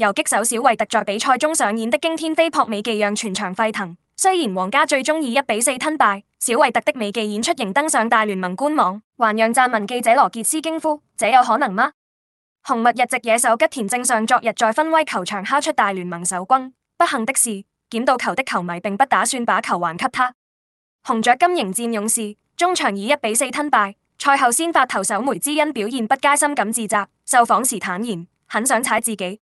遊擊手小維特在比賽中上演的驚天飛撲美技，讓全場沸騰。雖然皇家最終以一比四吞敗，小維特的美技演出仍登上大聯盟官網，還讓撰文記者羅傑斯驚呼：這有可能嗎？紅襪日籍野手吉田正尚昨日在芬威球場敲出大聯盟首轟，不幸的是，撿到球的球迷並不打算把球還給他。紅雀金蠅戰勇士，中場以一比四吞敗。賽後先發投手梅之恩表現不佳，深感自責。受訪時坦言，很想踩自己。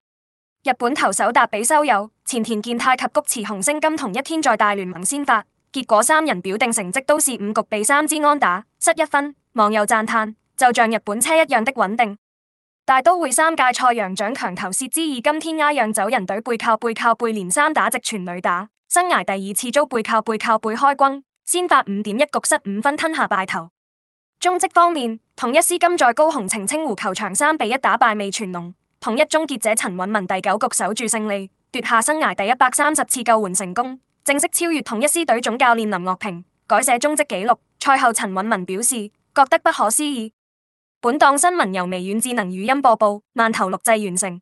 日本投手達比修有、前田健太及菊池雄星今同一天在大聯盟先發，結果三人表定成績都是五局被三支安打，失一分。網友讚嘆就像日本車一樣的穩定。大都會三屆賽揚獎強投薛之意今天一釀酒人隊背靠背靠背連三打直全壘打，生涯第二次遭背靠背靠背開轟，先發五點一局失五分吞下敗投。中職方面，統一獅今在高雄澄清湖球場三比一打敗味全龍。統一終結者陳韻文第九局守住勝利，奪下生涯第一百三十次救援成功，正式超越統一師隊總教練林岳平，改寫中職紀錄。賽後陳韻文表示，覺得不可思議。本檔新聞由微軟智能語音播報，萬頭錄製完成。